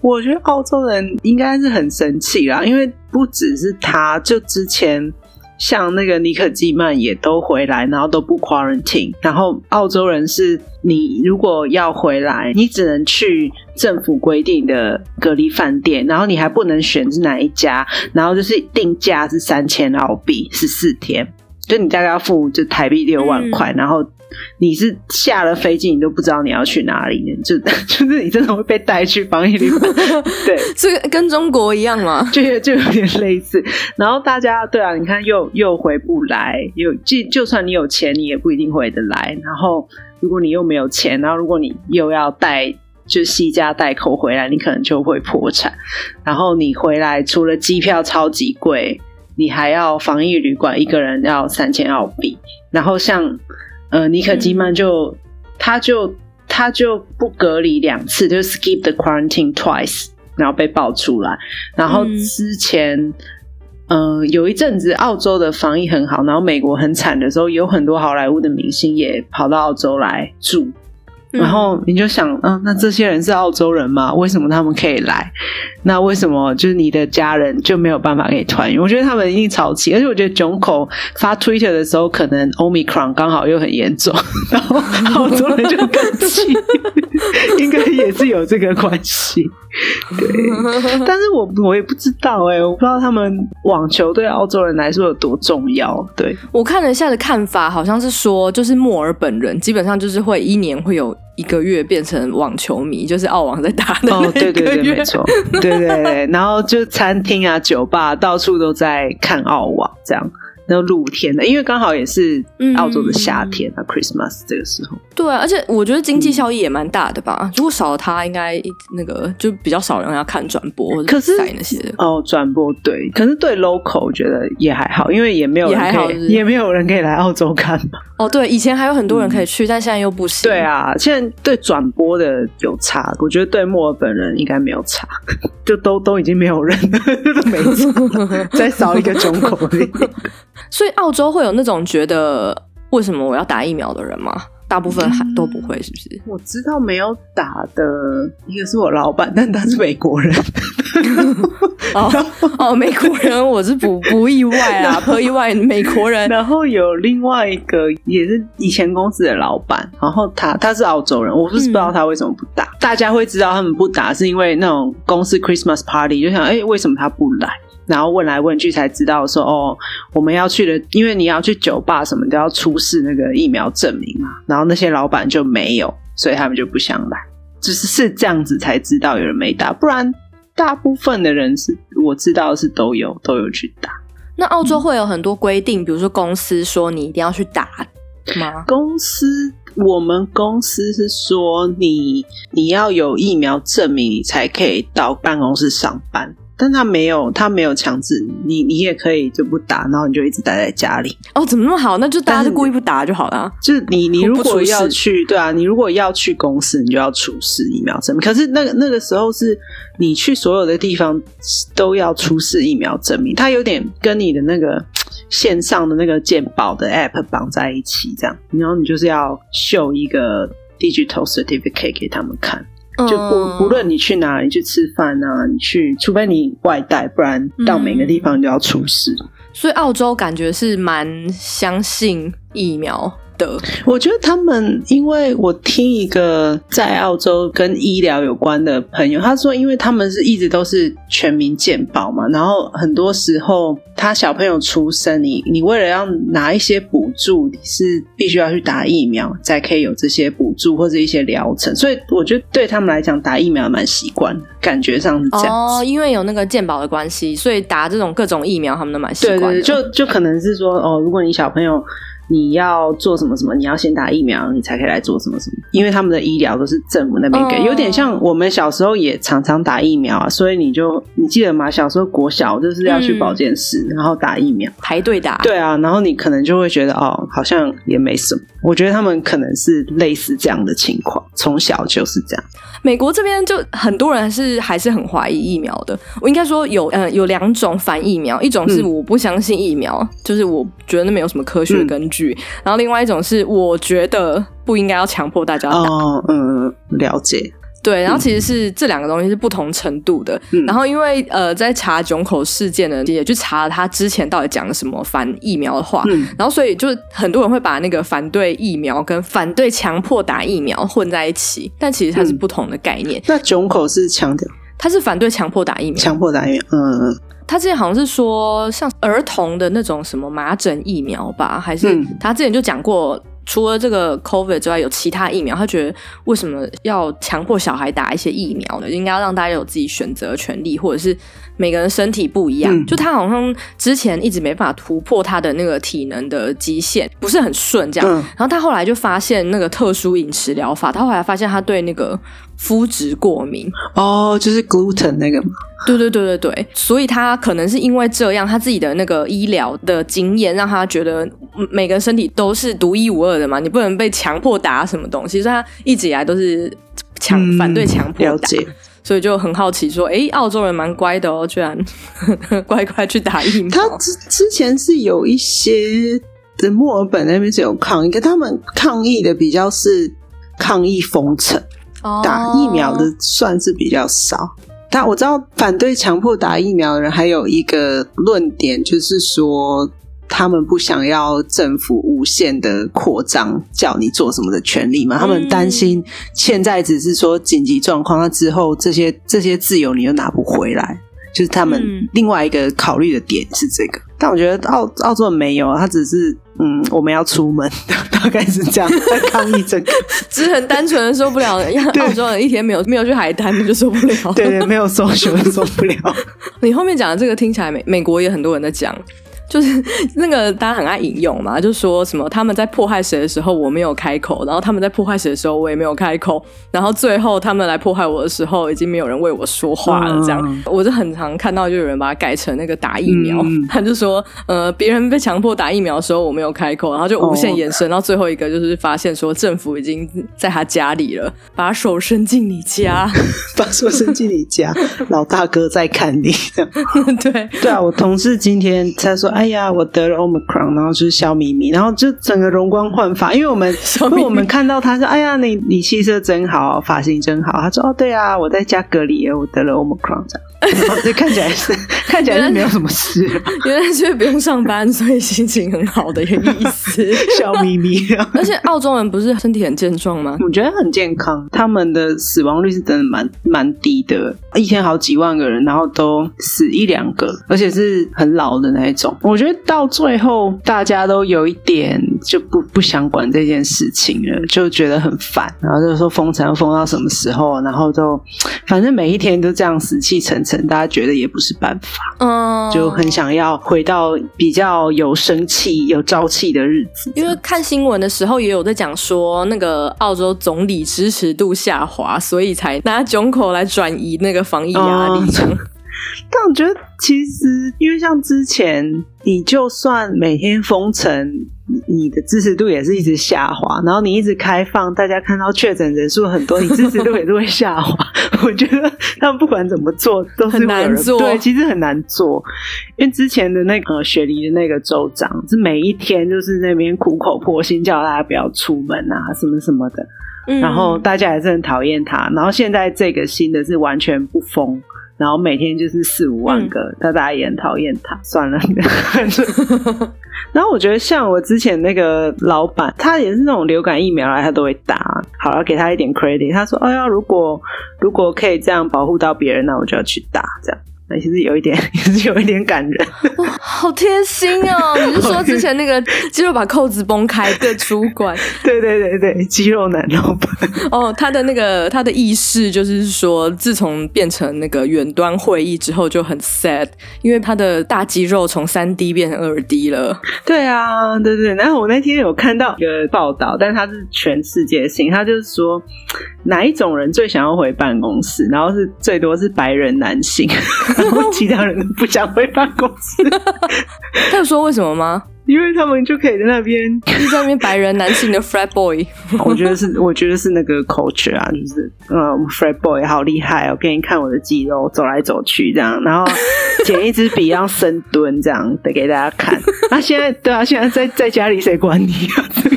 我覺得澳洲人應該是很生氣啦，因為不只是他，就之前。像那個妮可基嫚，也都回來，然後都不 quarantine，然後澳洲人是你如果要回來，你只能去政府規定的隔離飯店，然後你還不能選是哪一家，然後就是定價是三千澳幣，十四天。就你大概要付就台幣六萬塊、嗯，然後你是下了飛機，你都不知道你要去哪裡，就就是你真的會被帶去防疫旅館，對，這個跟中國一樣嗎、啊？就就有點類似。然後大家對啊，你看又又回不來，又就，就算你有錢，你也不一定回得來。然後如果你又沒有錢，然後如果你又要帶就攜家帶口回來，你可能就會破產。然後你回來除了機票超級貴。你還要防疫旅館，一個人要三千澳幣。然後像，呃，妮可基嫚就，嗯、他就他就不隔離兩次，就 skip the quarantine twice，然後被爆出來。然後之前，嗯，呃、有一陣子澳洲的防疫很好，然後美國很慘的時候，有很多好萊塢的明星也跑到澳洲來住。然後你就想，嗯，那這些人是澳洲人嗎？為什麼他們可以來？那為什麼就是你的家人就沒有辦法可以團圓？我覺得他們一定超氣，而且我覺得囧口發 Twitter 的時候，可能 Omicron 剛好又很嚴重，然後澳洲人就更氣， 應該也是有這個關係。對，但是我我也不知道、欸，哎，我不知道他們網球對澳洲人來說有多重要。對我看了一下的看法，好像是說，就是墨爾本人基本上就是會一年會有。一個月變成網球迷，就是澳網在打的那個月。哦，對對對，沒錯， 對對對。然後就餐廳啊、 酒吧到處都在看澳網，這樣。那露天的，因為剛好也是澳洲的夏天啊、嗯、Christmas 這個時候。對啊，而且我覺得經濟效益也蠻大的吧。嗯、如果少了他，應該那個就比較少人要看轉播，可是或者那些哦，轉播對，可是對 local 我覺得也還好，因為也沒有人可以，也還好是不是，也沒有人可以來澳洲看嘛。哦，對，以前還有很多人可以去，嗯，但現在又不行。對啊，現在對轉播的有差，我覺得對墨爾本人應該沒有差，就都都已經沒有人了，都 沒錯差了 再少一個囧口。 所以澳洲會有那種覺得為什麼我要打疫苗的人嗎？大部分還、嗯、都不會，是不是？我知道沒有打的一個是我老闆，但他是美國人。嗯、 哦哦，美國人我是不不意外啊，不意外？美國人。然後有另外一個也是以前公司的老闆，然後他他是澳洲人，我就是不知道他為什麼不打。嗯、大家會知道他們不打是因為那種公司 Christmas party 就想，哎，為什麼他不來？然後問來問去才知道說哦，我們要去的，因為你要去酒吧什麼都要出示那個疫苗證明嘛。然後那些老板就沒有，所以他們就不想來。就是是這樣子才知道有人沒打，不然大部分的人，是我知道的是都有、都有去打。那澳洲會有很多規定，嗯，比如說公司說你一定要去打嗎？公司，我們公司是說你，你要有疫苗證明你才可以到辦公室上班。但他沒有，他沒有強制你，你也可以就不打，然後你就一直待在家裡。哦，怎麼那麼好？那就大家就故意不打就好了。是就是你，你如果要去，對啊，你如果要去公司，你就要出示疫苗證明。可是那個、那個時候是你去所有的地方都要出示疫苗證明，它有點跟你的那個線上的那個健保的 app 綁在一起，這樣，然後你就是要秀一個 digital certificate 給他們看。就不不論你去哪裡，你去吃飯啊，你去除非你外帶，不然到每個地方你都要出示，嗯。所以澳洲感覺是蠻相信疫苗。的，我覺得他們，因為我聽一個在澳洲跟醫療有關的朋友，他說，因為他們是一直都是全民健保嘛，然後很多時候他小朋友出生你、你你為了要拿一些補助，你是必須要去打疫苗，才可以有這些補助或者一些療程，所以我覺得對他們來講，打疫苗還蠻習慣，感覺上是這樣子。哦，因為有那個健保的關係，所以打這種各種疫苗他們都蠻習慣的，對，對，對，就就可能是說哦，如果你小朋友。你要做什麼什麼？你要先打疫苗，你才可以來做什麼什麼？因為他們的醫療都是政府那邊給，有點像我們小時候也常常打疫苗啊。所以你就，你記得嗎？小時候國小就是要去保健室，嗯，然後打疫苗，排隊打。對啊，然後你可能就會覺得哦，好像也沒什麼。我覺得他們可能是類似這樣的情況，從小就是這樣。美國這邊就很多人是還是很懷疑疫苗的。我應該說有嗯有兩種反疫苗，一種是我不相信疫苗，嗯、就是我覺得那沒有什麼科學的根據、嗯；然後另外一種是我覺得不應該要強迫大家打、哦。嗯，了解。對，然後其實是、嗯、這兩個東西是不同程度的。嗯、然後因為呃，在查囧口事件的人也去查了他之前到底講了什麼反疫苗的話，嗯、然後所以就是很多人會把那個反對疫苗跟反對強迫打疫苗混在一起，但其實它是不同的概念。嗯、那囧口是強調他是反對強迫打疫苗，強迫打疫苗。嗯，他之前好像是說像兒童的那種什麼麻疹疫苗吧，還是他之前就講過。除了這個 COVID 之外，有其他疫苗，他覺得為什麼要強迫小孩打一些疫苗呢？應該要讓大家有自己選擇的權利，或者是。每個人身體不一樣、嗯，就他好像之前一直沒辦法突破他的那個體能的極限，不是很順這樣。嗯、然後他後來就發現那個特殊飲食療法，他後來發現他對那個麩質過敏哦，就是 gluten 那個嗎？對對對對對，所以他可能是因為這樣，他自己的那個醫療的經驗讓他覺得每個人身體都是獨一無二的嘛，你不能被強迫打什麼東西，所以他一直以來都是強反對強迫打。嗯所以就很好奇，說，哎、欸，澳洲人蠻乖的哦，居然呵呵乖乖去打疫苗。他之之前是有一些的墨爾本那邊是有抗議，但他們抗議的比較是抗議封城，打疫苗的算是比較少。Oh. 但我知道反對強迫打疫苗的人還有一個論點，就是說，他們不想要政府無限的擴張，叫你做什麼的權利嗎？嗯、他們擔心現在只是說緊急狀況，那之後這些這些自由你又拿不回來，就是他們另外一個考慮的點是這個。嗯、但我覺得澳澳洲人沒有，他只是嗯，我們要出門，大概是這樣抗議這個 ，只是很單純的受不了，因為澳洲人一天沒有沒有去海灘，就受不了。對,對,對，沒有 social 受不了。 你後面講的這個聽起來美美國也很多人在講。就是那個大家很愛引用嘛，就說什麼他們在迫害誰的時候我沒有開口，然後他們在迫害誰的時候我也沒有開口，然後最後他們來迫害我的時候，已經沒有人為我說話了。這樣、嗯、我就很常看到，就有人把它改成那個打疫苗，嗯、他就說呃，別人被強迫打疫苗的時候我沒有開口，然後就無限延伸、哦，然後最後一個就是發現說政府已經在他家裡了，把手伸進你家， 把手伸進你家， 老大哥在看你。 對對啊，我同事今天他說。哎呀，我得了 Omicron，然後就是笑眯眯，然後就整個容光煥發。因為我們，因為我們看到他說：“哎呀，你你氣色真好，髮型真好。”他說：“哦，對啊，我在家隔離，我得了 Omicron，這樣看起來是 看起來是沒有什麼事，因為是不用上班，所以心情很好的，有意思，笑眯眯。 而且澳洲人不是身體很健壯嗎？我覺得很健康，他們的死亡率是真的蠻蠻低的，一天好幾萬個人，然後都死一兩個，而且是很老的那一種。”我覺得到最後，大家都有一點就不不想管這件事情了，就覺得很煩，然後就說封城封到什麼時候，然後就反正每一天都這樣死氣沉沉，大家覺得也不是辦法，嗯，就很想要回到比較有生氣、有朝氣的日子。因為看新聞的時候也有在講說，那個澳洲總理支持度下滑，所以才拿囧口來轉移那個防疫壓力，嗯。 但我覺得。其實，因為像之前，你就算每天封城，你的支持度也是一直下滑。然後你一直開放，大家看到確診人數很多，你支持度也是會下滑。 我覺得他們不管怎麼做都是很難做，對，其實很難做。因為之前的那個、呃、雪梨的那個州長，是每一天就是那邊苦口婆心叫大家不要出門啊，什麼什麼的。嗯、然後大家還是很討厭他。然後現在這個新的是完全不封。然後每天就是四五萬個、嗯，大家也很討厭他。算了，嗯、 然後我覺得像我之前那個老闆，他也是那種流感疫苗啊，他都會打。好了，然後給他一點 credit，他說：“哎呀，如果如果可以這樣保護到別人，那我就要去打。”這樣。那其實有一點，也是有一點感人。哇、哦，好貼心哦！ 你是說之前那個肌肉把扣子崩開的主管？ 對對對對，肌肉男老闆。哦，他的那個他的意思就是說，自從變成那個遠端會議之後就很 sad，因為他的大肌肉從三 D 變成二 D 了。對啊，對對。然後我那天有看到一個報道，但他是全世界性，他就是說。哪一種人最想要回辦公室？然後是最多是白人男性， 然後其他人都不想回辦公室。 他有說為什麼嗎？因為他們就可以在那邊，就是在那邊白人男性的 frat boy。 我覺得是，我覺得是那個 culture 啊，就是，嗯、 uh，frat boy 好厲害哦，我給你看我的肌肉，走來走去這樣，然後撿一支筆要深蹲這樣，得給大家看。 那現在，對啊，現在在在家裡誰管你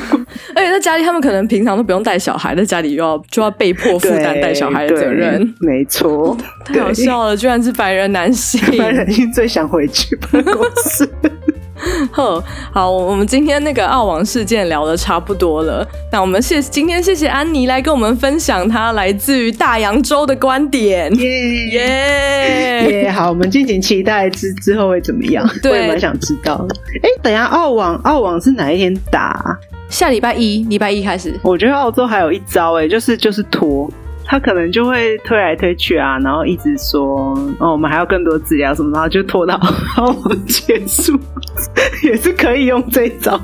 啊？ 而且在家裡，他們可能平常都不用帶小孩，在家裡又要就要被迫負擔帶小孩的責任，沒錯，太好笑了，居然是白人男性，白人最想回去辦公室。 呵， 好，我們今天那個澳網事件聊的差不多了。那我們謝今天謝謝安妮來跟我們分享她來自於大洋洲的觀點。耶耶！好，我們敬請期待之之後會怎麼樣？對，我也蠻想知道。哎、欸，等一下澳網，澳網是哪一天打？下禮拜一，禮拜一開始。我覺得澳洲還有一招、欸，哎，就是就是拖。他可能就會推來推去啊，然後一直說哦，我們還要更多資料什麼的，然後就拖到然後結束，也是可以用這一招。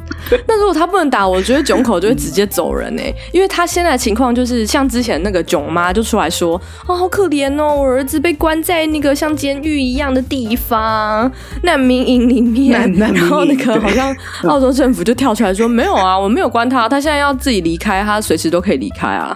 那如果他不能打，我覺得囧口就會直接走人呢，欸。因為他現在的情況就是像之前那個囧媽就出來說哦，好可憐哦，我兒子被關在那個像監獄一樣的地方難民營裡面，然後那個好像澳洲政府就跳出來說，嗯、說沒有啊，我沒有關他，他現在要自己離開，他隨時都可以離開啊。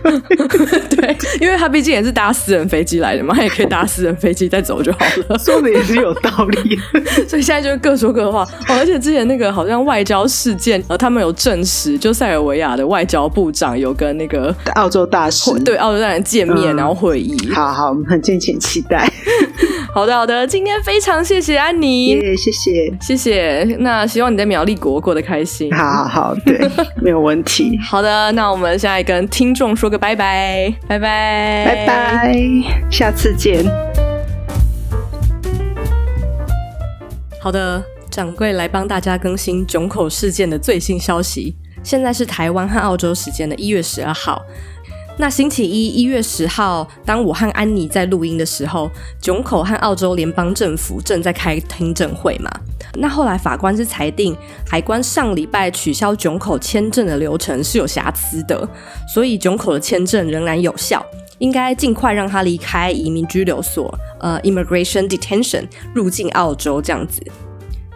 對，因為他畢竟也是搭私人飛機來的嘛，他也可以搭私人飛機再走就好了。說的也是有道理，所以現在就是各說各話，哦。而且之前那個好像外交事件，呃，他們有證實，就是、塞爾維亞的外交部長有跟那個澳洲大使對澳洲大使見面，嗯，然後會議。好好，我們很敬請期待。 好的，好的，今天非常謝謝安妮，yeah, 謝謝，謝謝。那希望你在苗栗國過得開心。好好好，對，沒有問題。 好的，那我們現在跟聽眾說。說個拜拜，拜拜，拜拜，下次見。好的，掌櫃來幫大家更新囧口事件的最新消息。現在是台灣和澳洲時間的一月十二號。那星期一，一月十號，當我和安妮在錄音的時候，囧口和澳洲聯邦政府正在開聽證會嘛。那後來法官是裁定，海關上禮拜取消囧口簽證的流程是有瑕疵的，所以囧口的簽證仍然有效，應該盡快讓他離開移民拘留所，呃，Immigration Detention，入境澳洲這樣子。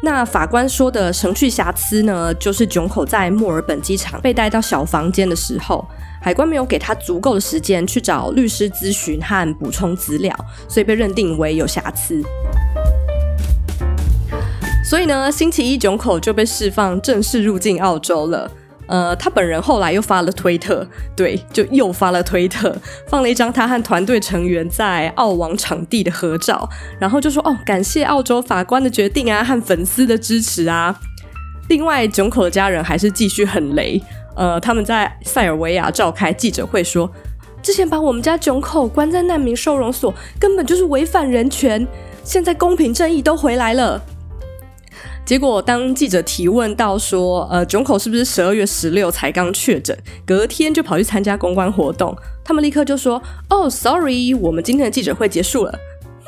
那法官說的程序瑕疵呢，就是囧口在墨爾本機場被帶到小房間的時候。海關沒有給他足夠的時間去找律師諮詢和補充資料，所以被認定為有瑕疵。所以呢，星期一，囧口就被釋放，正式入境澳洲了。呃，他本人後來又發了推特，對，就又發了推特，放了一張他和團隊成員在澳網場地的合照，然後就說：“哦，感謝澳洲法官的決定啊，和粉絲的支持啊。”另外，囧口的家人還是繼續很雷。呃，他們在塞爾維亞召開記者會說，說之前把我們家囧口關在難民收容所，根本就是違反人權。現在公平正義都回來了。結果當記者提問到說，呃，囧口是不是十二月十六才剛確診，隔天就跑去參加公關活動，他們立刻就說，哦，sorry，我們今天的記者會結束了，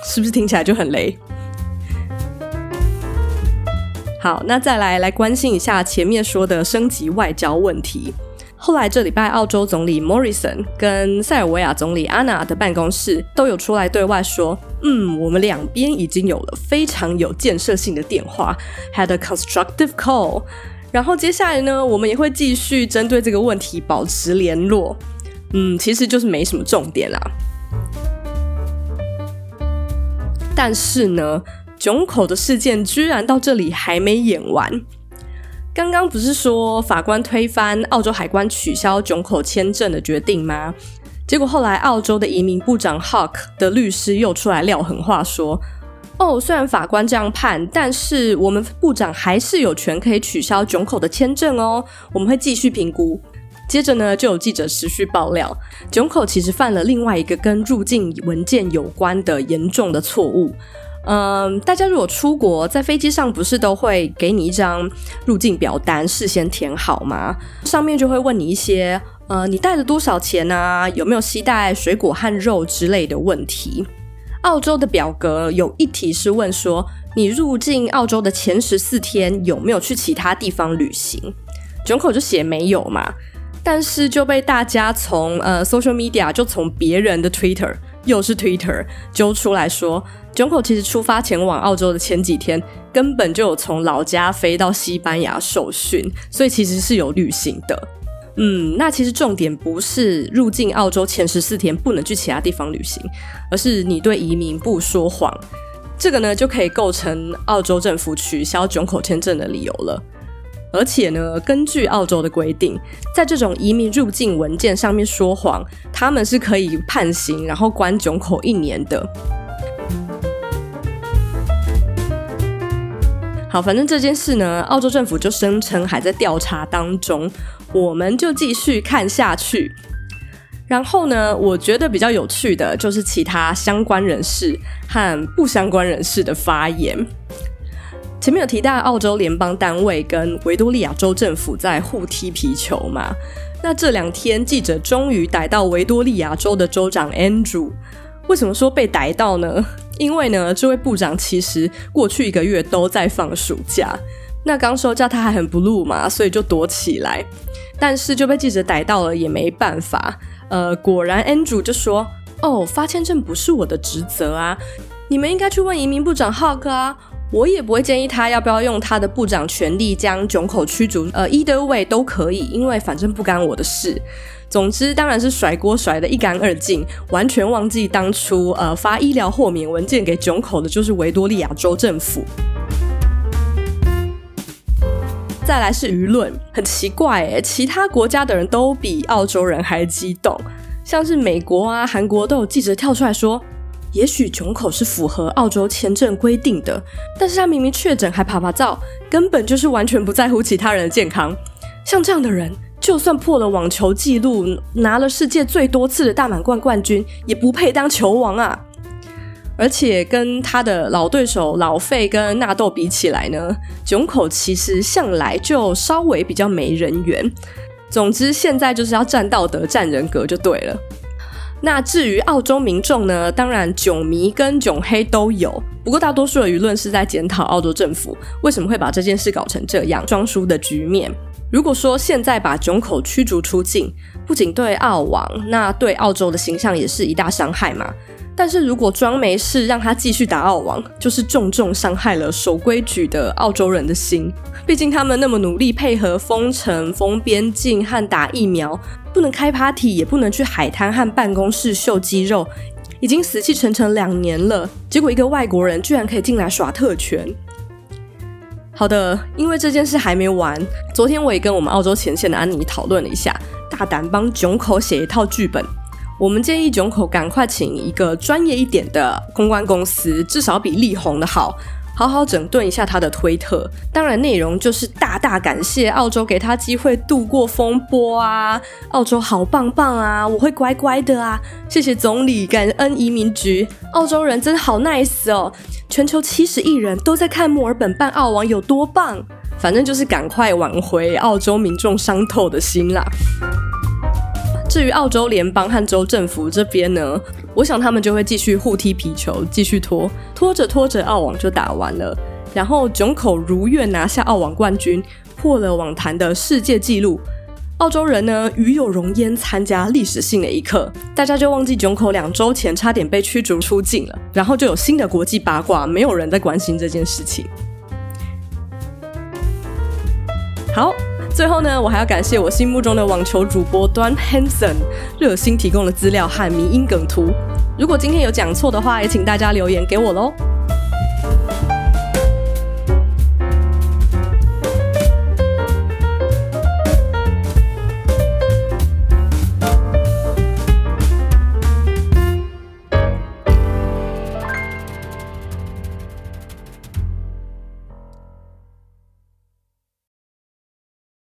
是不是聽起來就很雷？好，那再來來關心一下前面說的升級外交問題。後來這禮拜，澳洲總理 Morrison 跟塞爾維亞總理 Ana 的辦公室都有出來對外說，嗯，我們兩邊已經有了非常有建設性的電話，had a constructive call。然後接下來呢，我們也會繼續針對這個問題保持聯絡。嗯，其實就是沒什麼重點啦、啊。但是呢。囧口的事件居然到這裡還沒演完。剛剛不是說法官推翻澳洲海關取消囧口簽證的決定嗎？結果後來澳洲的移民部長 Hawk 的律師又出來撂狠話，說：“哦，雖然法官這樣判，但是我們部長還是有權可以取消囧口的簽證哦，我們會繼續評估。”接着呢，就有記者持續爆料，囧口其實犯了另外一個跟入境文件有關的嚴重的錯誤。嗯、呃，大家如果出國，在飛機上不是都會給你一張入境表單，事先填好嗎？上面就會問你一些，呃，你帶了多少錢啊，有沒有攜帶水果和肉之類的問題？澳洲的表格有一題是問說，你入境澳洲的前十四天有沒有去其他地方旅行？囧口就寫沒有嘛，但是就被大家從呃 social media 就從別人的 Twitter。又是 Twitter 揪出來說，囧口其實出發前往澳洲的前幾天，根本就有從老家飛到西班牙受訓，所以其實是有旅行的。嗯，那其實重點不是入境澳洲前十四天不能去其他地方旅行，而是你對移民部說謊，這個呢就可以構成澳洲政府取消囧口簽證的理由了。而且呢，根據澳洲的規定，在這種移民入境文件上面說謊，他們是可以判刑，然後關囧口一年的。好，反正這件事呢，澳洲政府就聲稱還在調查當中，我們就繼續看下去。然後呢，我覺得比較有趣的就是其他相關人士和不相關人士的發言。前面有提到澳洲聯邦單位跟維多利亞州政府在互踢皮球嘛？那這兩天記者終於逮到維多利亞州的州長 Andrew。為什麼說被逮到呢？因為呢，這位部長其實過去一個月都在放暑假。那剛收假他還很不露嘛，所以就躲起來。但是就被記者逮到了，也沒辦法。呃，果然 Andrew 就說：“哦，發簽證不是我的職責啊，你們應該去問移民部長 Hawke 啊。”我也不會建議他要不要用他的部長權力將囧口驅逐，呃，either way 都可以，因為反正不干我的事。總之，當然是甩鍋甩得一乾二淨，完全忘記當初呃發醫療豁免文件給囧口的就是維多利亞州政府。再來是輿論，很奇怪，欸，其他國家的人都比澳洲人還激動，像是美國啊、韓國都有記者跳出來說。也許囧口是符合澳洲簽證規定的，但是他明明確診還趴趴走，根本就是完全不在乎其他人的健康。像這樣的人，就算破了網球紀錄，拿了世界最多次的大滿貫冠,冠軍，也不配當球王啊！而且跟他的老對手老費跟納豆比起來呢，囧口其實向來就稍微比較沒人緣。總之，現在就是要占道德、占人格就對了。那至於澳洲民眾呢？當然，囧迷跟囧黑都有。不過，大多數的輿論是在檢討澳洲政府為什麼會把這件事搞成這樣，裝書的局面。如果說現在把囧口驅逐出境，不僅對澳網，那對澳洲的形象也是一大傷害嘛。但是如果裝沒事，讓他繼續打澳網，就是重重傷害了守規矩的澳洲人的心。畢竟他們那麼努力配合封城、封邊境和打疫苗，不能開 party，也不能去海灘和辦公室秀肌肉，已經死氣沉沉兩年了。結果一個外國人居然可以進來耍特權。好的，因為這件事還沒完，昨天我也跟我們澳洲前線的安妮討論了一下，大膽幫囧口寫一套劇本。我們建議囧口趕快請一個專業一點的公關公司，至少比力宏的好，好好整頓一下他的推特。當然，內容就是大大感謝澳洲給他機會度過風波啊，澳洲好棒棒啊，我會乖乖的啊，謝謝總理，感恩移民局，澳洲人真好 nice 哦。全球七十億人都在看墨爾本辦澳網有多棒，反正就是趕快挽回澳洲民眾傷透的心啦。至於澳洲聯邦和州政府這邊呢，我想他們就會繼續互踢皮球，繼續拖拖着拖着，澳網就打完了。然後囧口如願拿下澳網冠軍，破了網壇的世界紀錄。澳洲人呢，與有榮焉，參加歷史性的一刻，大家就忘記囧口兩周前差點被驅逐出境了。然後就有新的國際八卦，沒有人在關心這件事情。好。最後呢，我還要感謝我心目中的網球主播端 Hanson 熱心提供的資料和迷因梗圖。如果今天有講錯的話，也請大家留言給我嘍。